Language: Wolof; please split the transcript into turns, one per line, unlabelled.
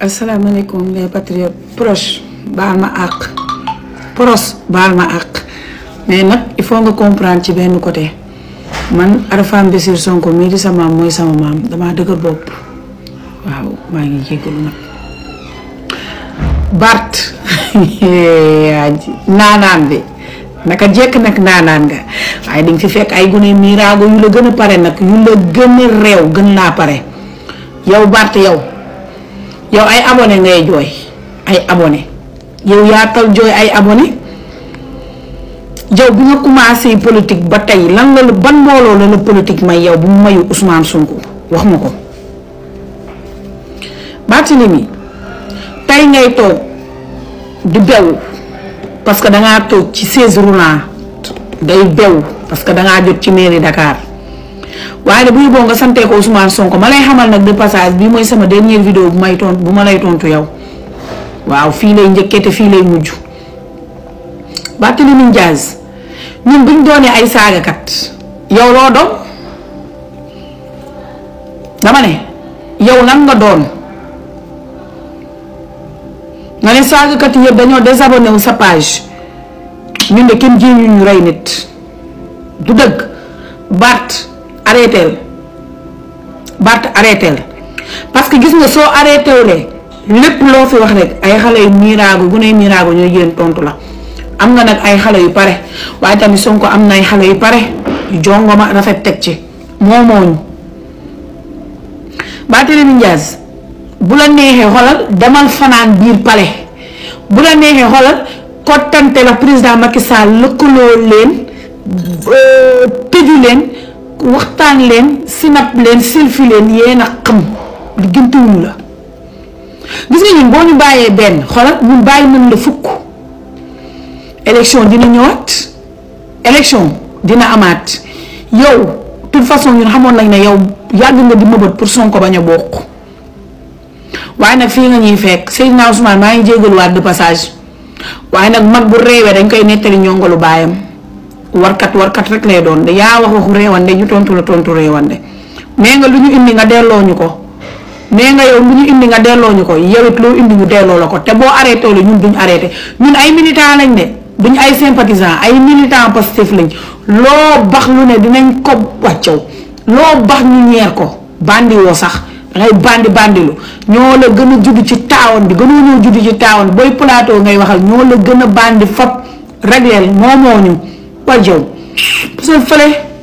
asalaamaaleykum les patriotes proche baal ma àq proche baal ma àq mais nag il faut nga comprendre ci benn côté man Arafat Mbessire Sonko mii di sa maam mooy sama maam damaa dëgër bopp waaw maa ngi jéggalu nag Bart naanaan bi naka jekk nag naanaan nga waaye di nga fi fekk ay gune miraago yu la gën a pare nag yu la gën a réew gën laa pare yow Bart yow. yow ay abonné ngay jooy ay abonné yow yaatal jooy ay abonné yow bi nga commencé politique ba tey lan la ban mbooloo la la politique may yow bu mu mayu Ousmane Sonko wax ma ko Barthélemy tey ngay toog di bew parce que dangaa toog ci 16 roulant day bew parce que dangaa jot ci mairie dakaar waaye bu yóbboo nga santee ko Ousmane Sonko ma lay xamal nag de passage bi mooy sama dernière vidéo bu may tontu bu ma lay tontu yow waaw fii lay njëkkee te fii lay mujj Barthélémy Dias ñun buñ doonee ay saagakat yow loo doon dama ne yow lan nga doon nga ne saagakat yëpp dañoo désabonné wu sa page ñun de kenn jéem ñu rey nit du dëgg Bart. arrêté Bart arrêté parce que gis nga soo arrêté wulee lépp loo fi wax rek ay xale yu miiraagu guney miiraagu ñooy jël tontu la am nga nag ay xale yu pare waaye tamit Sonko am na ay xale yu pare yu jongoma rafet teg ci moomooñu Barthélémy Dias bu la neexee xolal demal fanaan biir palais bu la neexee xolal kottante la président Macky Sall lëkkaloo leen euh, tëju leen waxtaan leen sinap leen selfie leen yéen a xam li la gis ñun boo ñu bàyyee benn xoolal ñun bàyyi nañ la fukk élection dina ñëwaat élection dina amaat yow toute façon ñun xamoon nañ ne yow yàgg nga di mëbët pour Sonko bañ a bokk waaye nag fii nga ñuy fekk Seydina Ousmane maa ngi jégaluwaat de passage waaye nag mag bu réewee dañ koy nettali lu baayam warkat warkat rek lay doon yaa wax waxu réewande ñu tontu la tontu réewande nee nga lu ñu indi nga delloo ñu ko nee nga yow lu ñu indi nga delloo ñu ko yow loo indi ñu delloo la ko te boo arrêté la ñun duñ arrêté ñun ay militant lañ de duñ ay sympathisant ay militant positif lañ loo bax lu ne dinañ ko wàccaw loo bax ñu ñeer ko bandiwoo sax dangay bandi bandilu ñoo la gën a judd ci taawoon bi gënoo ñoo judd ci taawoon booy plateau ngay waxal ñoo la gën a bandi fop regleel moomoo ñu Pape Diaw. parce que fële